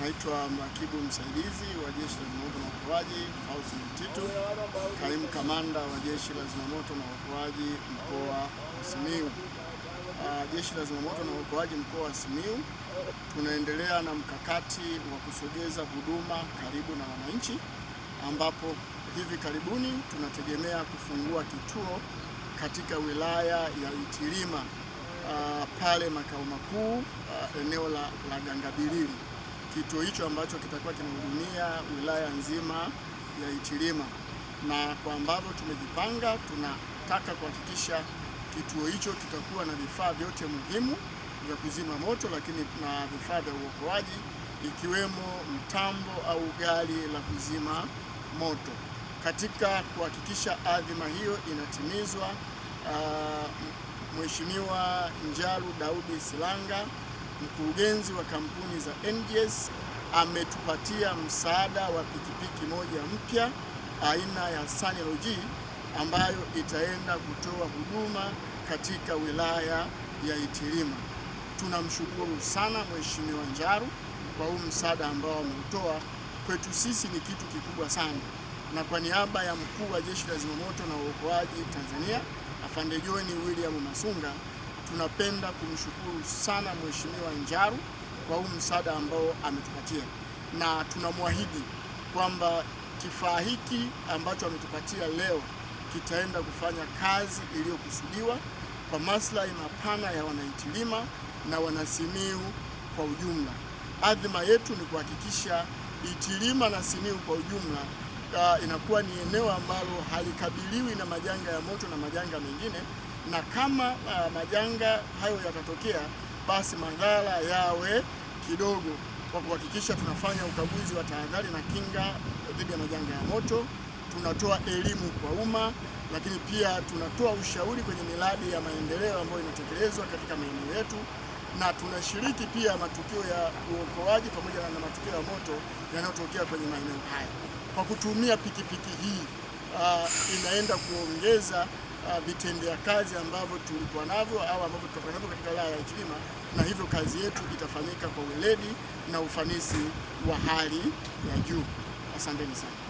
Naitwa mrakibu msaidizi wa jeshi la zimamoto na uokoaji Fauzi Mtitu, kaimu kamanda wa jeshi la zimamoto na uokoaji mkoa wa Simiyu. Uh, jeshi la zimamoto na uokoaji mkoa wa Simiyu tunaendelea na mkakati wa kusogeza huduma karibu na wananchi, ambapo hivi karibuni tunategemea kufungua kituo katika wilaya ya Itilima, uh, pale makao makuu, uh, eneo la, la Gangabilili kituo hicho ambacho kitakuwa kinahudumia wilaya nzima ya Itilima, na kwa ambavyo tumejipanga, tunataka kuhakikisha kituo hicho kitakuwa na vifaa vyote muhimu vya kuzima moto, lakini na vifaa vya uokoaji ikiwemo mtambo au gari la kuzima moto. Katika kuhakikisha adhima hiyo inatimizwa, uh, Mheshimiwa Njalu Daudi Silanga mkurugenzi wa kampuni za NGS ametupatia msaada wa pikipiki moja mpya aina ya Sunny LG ambayo itaenda kutoa huduma katika wilaya ya Itilima. Tunamshukuru sana Mheshimiwa Njaru kwa huu msaada ambao ameutoa kwetu sisi, ni kitu kikubwa sana, na kwa niaba ya mkuu wa Jeshi la Zimamoto na Uokoaji Tanzania, Afande John William Masunga tunapenda kumshukuru sana Mheshimiwa Njaru kwa huu msaada ambao ametupatia, na tunamwahidi kwamba kifaa hiki ambacho ametupatia leo kitaenda kufanya kazi iliyokusudiwa kwa maslahi mapana ya wanaitilima na wanasimiu kwa ujumla. Adhima yetu ni kuhakikisha Itilima na Simiu kwa ujumla uh, inakuwa ni eneo ambalo halikabiliwi na majanga ya moto na majanga mengine na kama uh, majanga hayo yatatokea, basi madhara yawe kidogo, kwa kuhakikisha tunafanya ukaguzi wa tahadhari na kinga dhidi ya majanga ya moto, tunatoa elimu kwa umma, lakini pia tunatoa ushauri kwenye miradi ya maendeleo ambayo inatekelezwa katika maeneo yetu, na tunashiriki pia matukio ya uokoaji pamoja na matukio ya moto yanayotokea kwenye maeneo haya. Kwa kutumia pikipiki hii uh, inaenda kuongeza uh, vitendea kazi ambavyo tulikuwa navyo au ambavyo tutakuwa navyo katika wilaya ya Itilima, na hivyo kazi yetu itafanyika kwa weledi na ufanisi wa hali ya juu. Asanteni sana.